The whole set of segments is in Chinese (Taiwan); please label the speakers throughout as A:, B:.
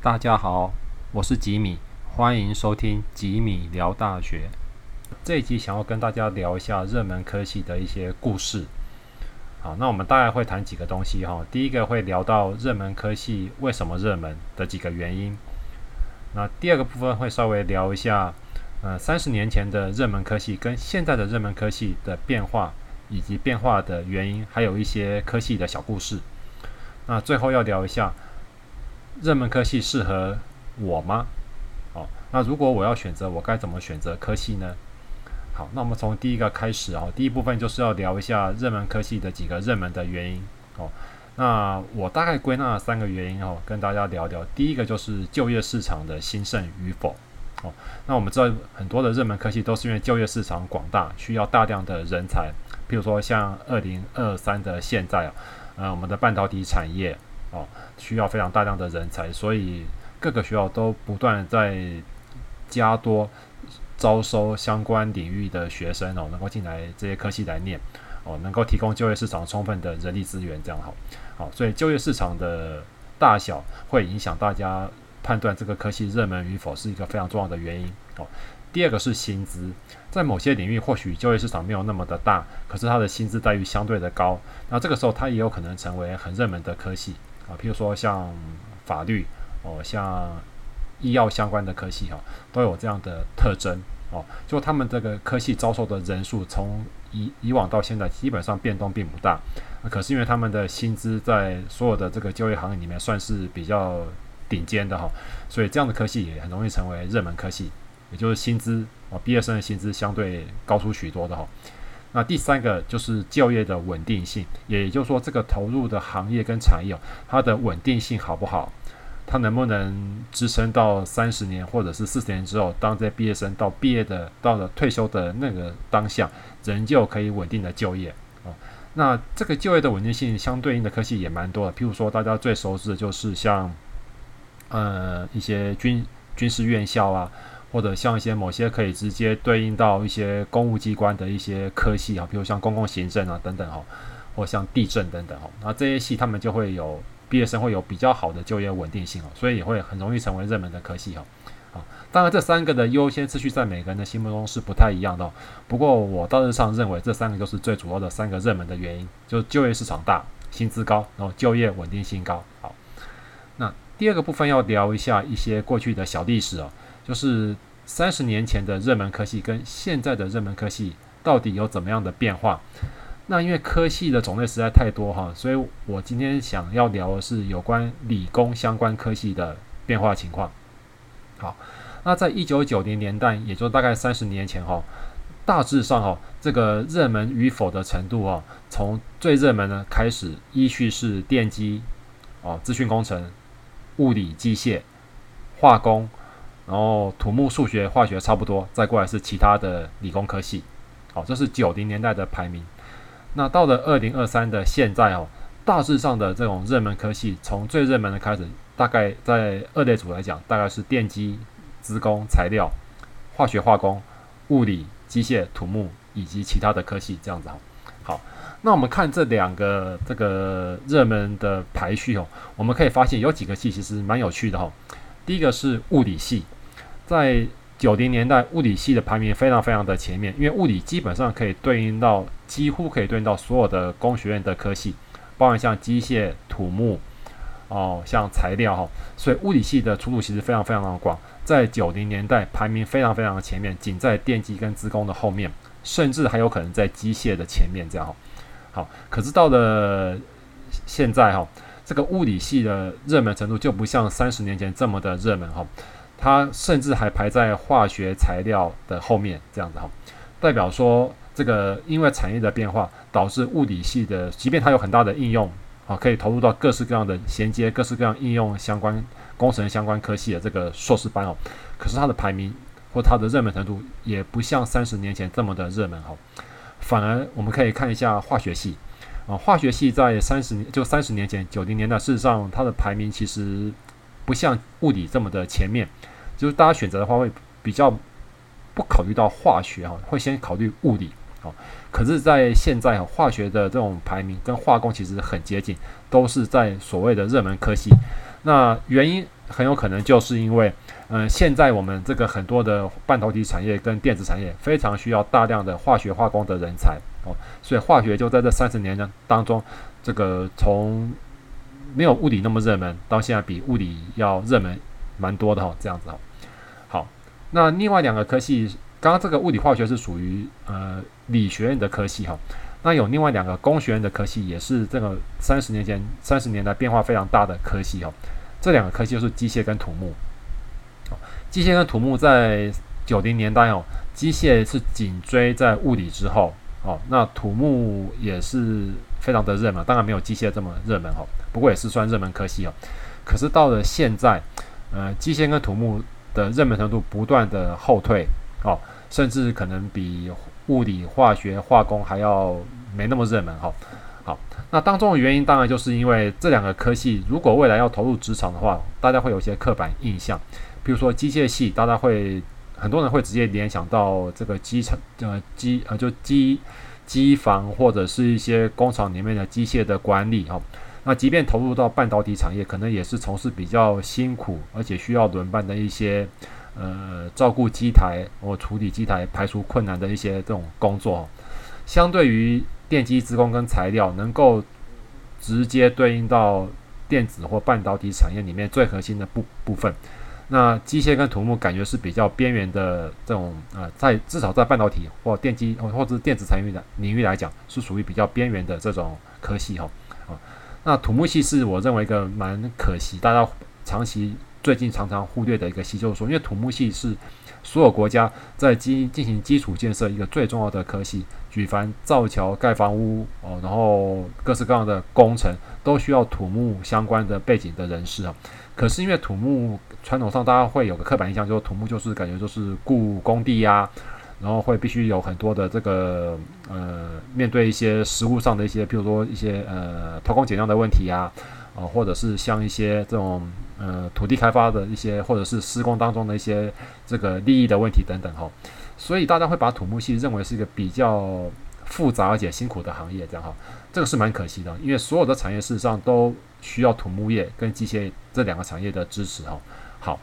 A: 大家好，我是吉米，歡迎收聽吉米聊大學。這一集想要跟大家聊一下熱門科系的一些故事。好，那我們大概會談幾個東西哈。第一個會聊到熱門科系為什麼熱門的幾個原因。那第二個部分會稍微聊一下，嗯，三十年前的熱門科系跟現在的熱門科系的變化，以及變化的原因，還有一些科系的小故事。那最後要聊一下。熱門科系適合我嗎？哦，那如果我要選擇，我該怎麼選擇科系呢？好，那我們從第一個開始哦。第一部分就是要聊一下熱門科系的幾個熱門的原因哦。那我大概歸納了三個原因哦，跟大家聊一聊。第一個就是就業市場的興盛與否哦。那我們知道很多的熱門科系都是因為就業市場廣大，需要大量的人才，比如說像二零二三的現在啊，呃，我們的半導體產業。哦，需要非常大量的人才，所以各個學校都不斷在加多招收相關領域的學生哦，能夠進來這些科系來念哦，能夠提供就業市場充分的人力資源這樣，好，好、哦，所以就業市場的大小會影響大家判斷這個科系熱門與否，是一個非常重要的原因哦。第二個是薪資，在某些領域或許就業市場沒有那麼的大，可是它的薪資待遇相對的高，那這個時候它也有可能成為很熱門的科系。啊，譬如說像法律哦，像醫藥相關的科系哈，都有這樣的特徵哦。就他們這個科系招收的人數，從以以往到現在，基本上變動並不大。可是因為他們的薪資在所有的這個就業行業裡面算是比較頂尖的哈，所以這樣的科系也很容易成為熱門科系，也就是薪資哦，畢業生的薪資相對高出許多的哈。那第三個就是就業的穩定性，也就是說，這個投入的行業跟產業，它的穩定性好不好？它能不能支撐到三十年或者是四十年之後，當這些畢業生到畢業的、到了退休的那個當下，仍舊可以穩定的就業啊？那這個就業的穩定性相對應的科系也蠻多的，譬如說大家最熟知的就是像，呃，一些軍軍事院校啊。或者像一些某些可以直接對應到一些公務機關的一些科系啊，比如像，公共行政啊等等哈，或像地震等等哈，那這些系他們就會有畢業生會有比較好的就業穩定性哦，所以也會很容易成為熱門的科系哈，啊，當然這三個的優先次序在每個人的心目中是不太一樣的，不過我大致上認為這三個就是最主要的三個熱門的原因，就是就業市場大、薪資高，然後就業穩定性高。好，那第二個部分要聊一下一些過去的小歷史哦。就是三十年前的熱門科系跟現在的熱門科系到底有怎麼樣的變化？那因為科系的種類實在太多哈，所以我今天想要聊的是有關理工相關科系的變化情況。好，那在一九九零年代，也就大概三十年前哈，大致上哈，這個熱門與否的程度哈，從最熱門呢開始，依序是電機、哦，資訊工程、物理、機械、化工。然後土木、數學、化學差不多，再過來是其他的理工科系。好，這是九零年代的排名。那到了二零二三的現在哦，大致上的這種熱門科系，從最熱門的開始，大概在二類組來講，大概是電機、資工、材料、化學化工、物理、機械、土木以及其他的科系這樣子。好，好，那我們看這兩個這個熱門的排序哦，我們可以發現有幾個系其實蠻有趣的哈、哦。第一個是物理系。在九零年代，物理系的排名非常非常的前面，因為物理基本上可以對應到幾乎可以對應到所有的工學院的科系，包含像機械、土木，哦，像材料哈，所以物理系的出路其實非常非常的廣。在九零年代，排名非常非常的前面，僅在電機跟資工的後面，甚至還有可能在機械的前面這樣哈。好，可是到了現在哈，這個物理系的熱門程度就不像三十年前這麼的熱門哈。它甚至還排在化學材料的後面，這樣子哈、哦，代表說這個因為產業的變化，導致物理系的，即便它有很大的應用啊，可以投入到各式各樣的銜接各式各樣應用相關工程相關科系的這個碩士班哦，可是它的排名或它的熱門程度也不像三十年前這麼的熱門哈、哦，反而我們可以看一下化學系啊，化學系在三十年就三十年前九零年代，事實上它的排名其實。不像物理這麼的前面，就是大家選擇的話會比較不考慮到化學哈，會先考慮物理啊。可是，在現在啊化學的這種排名跟化工其實很接近，都是在所謂的熱門科系。那原因很有可能就是因為，嗯、呃，現在我們這個很多的半導體產業跟電子產業非常需要大量的化學化工的人才哦，所以化學就在這三十年呢當中，這個從。沒有物理那麼熱門，到現在比物理要熱門蠻多的哈、哦，這樣子哈、哦。好，那另外兩個科系，剛剛這個物理化學是屬於呃理學院的科系哈、哦，那有另外兩個工學院的科系，也是這個三十年前三十年代變化非常大的科系哈、哦。這兩個科系就是機械跟土木。機械跟土木在九零年代哦，機械是緊追在物理之後哦，那土木也是。非常的熱門，當然沒有機械這麼熱門哈，不過也是算熱門科系哦。可是到了現在，呃，機械跟土木的熱門程度不斷的後退哦，甚至可能比物理、化學、化工還要沒那麼熱門哈、哦，好，那當中的原因當然就是因為這兩個科系，如果未來要投入職場的話，大家會有一些刻板印象，比如說機械系，大家會很多人會直接聯想到這個基層，呃，機呃就機。機房或者是一些工廠裡面的機械的管理哦，那即便投入到半導體產業，可能也是從事比較辛苦，而且需要輪班的一些，呃，照顧機台、或處理機台排除困難的一些這種工作，相對於電機資工、跟材料，能夠直接對應到電子或半導體產業裡面最核心的部部分，那機械跟土木感覺是比較邊緣的這種，呃，在至少在半導體或電機，呃，或者是電子產業的領域來講，是屬於比較邊緣的這種科系吼、哦。啊，那土木系是我認為一個蠻可惜，大家長期最近常常忽略的一個系，就是說，因為土木系是所有國家在基進行基礎建設一個最重要的科系，舉凡造橋、蓋房屋，哦，然後各式各樣的工程都需要土木相關的背景的人士啊、哦。可是因為土木傳統上，大家會有個刻板印象，就是土木就是感覺就是顧工地呀、啊，然後會必須有很多的這個呃，面對一些實物上的一些，比如說一些呃偷工減料的問題呀、啊，啊、呃、或者是像一些這種呃土地開發的一些，或者是施工當中的一些這個利益的問題等等哈，所以大家會把土木系認為是一個比較複雜而且辛苦的行業這樣哈，這個是蠻可惜的，因為所有的產業事實上都需要土木業跟機械這兩個產業的支持哈。好，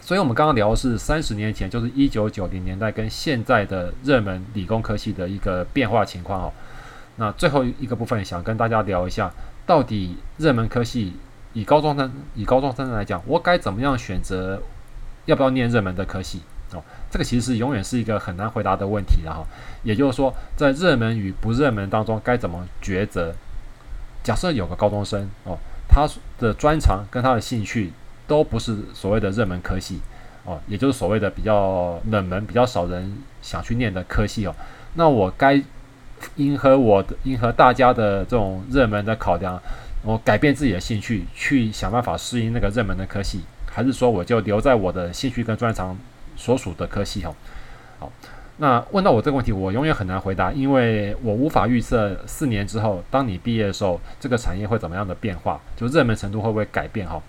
A: 所以，我們剛剛聊的是三十年前，就是一九九零年代跟現在的熱門理工科系的一個變化情況。哦，那最後一個部分想跟大家聊一下，到底熱門科系以高中生以高中生來講，我該怎麼樣選擇？要不要念熱門的科系？哦，這個其實永遠是一個很難回答的問題了哈。也就是說，在熱門與不熱門當中該怎麼抉擇？假設有個高中生哦，他的專長跟他的興趣，都不是所謂的熱門科系哦，也就是所謂的比較冷門、比較少人想去念的科系哦。那我該迎合我的、迎合大家的這種熱門的考量，我改變自己的興趣，去想辦法適應那個熱門的科系，還是說我就留在我的興趣跟專長所屬的科系哦？好，那問到我這個問題，我永遠很難回答，因為我無法預測四年之後，當你畢業的時候，這個產業會怎麼樣的變化，就熱門程度會不會改變哈？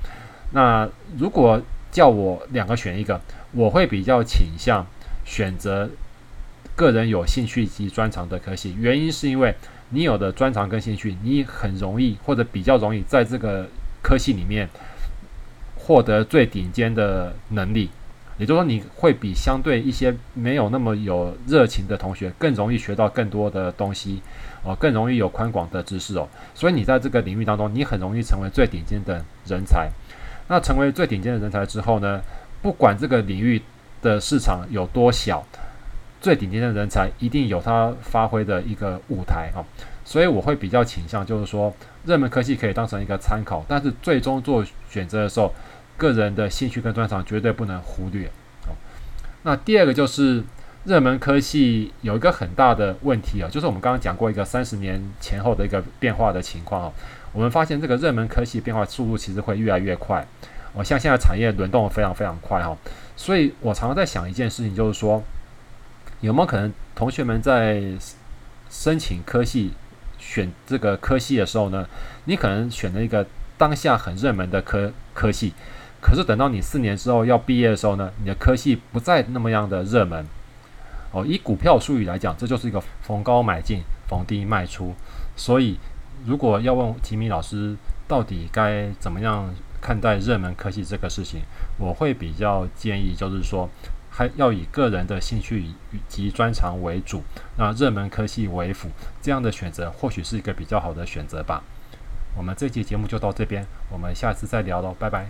A: 那如果叫我兩個選一個，我會比較傾向選擇個人有興趣及專長的科系。原因是因為你有的專長跟興趣，你很容易或者比較容易在這個科系裡面獲得最頂尖的能力。也就是說，你會比相對一些沒有那麼有熱情的同學更容易學到更多的東西哦，更容易有寬廣的知識哦。所以你在這個領域當中，你很容易成為最頂尖的人才。那成為最頂尖的人才之後呢？不管這個領域的市場有多小，最頂尖的人才一定有他發揮的一個舞台哈、哦，所以我會比較傾向就是說，熱門科系可以當成一個參考，但是最終做選擇的時候，個人的興趣跟專長絕對不能忽略啊、哦。那第二個就是。熱門科系有一個很大的問題啊，就是我們剛剛講過一個三十年前後的一個變化的情況啊，我們發現這個熱門科系變化速度其實會越來越快，我，哦，像現在產業輪動非常非常快哈，啊。所以我常常在想一件事情，就是說有沒有可能同學們在申請科系選這個科系的時候呢，你可能選了一個當下很熱門的科科系，可是等到你四年之後要畢業的時候呢，你的科系不再那麼樣的熱門。哦，以股票術語來講，這就是一個逢高買進，逢低賣出。所以，如果要問吉米老師到底該怎麼樣看待熱門科系這個事情，我會比較建議，就是說還要以個人的興趣以及專長為主，那熱門科系為輔，這樣的選擇或許是一個比較好的選擇吧。我們這期節目就到這邊，我們下次再聊嘍，拜拜。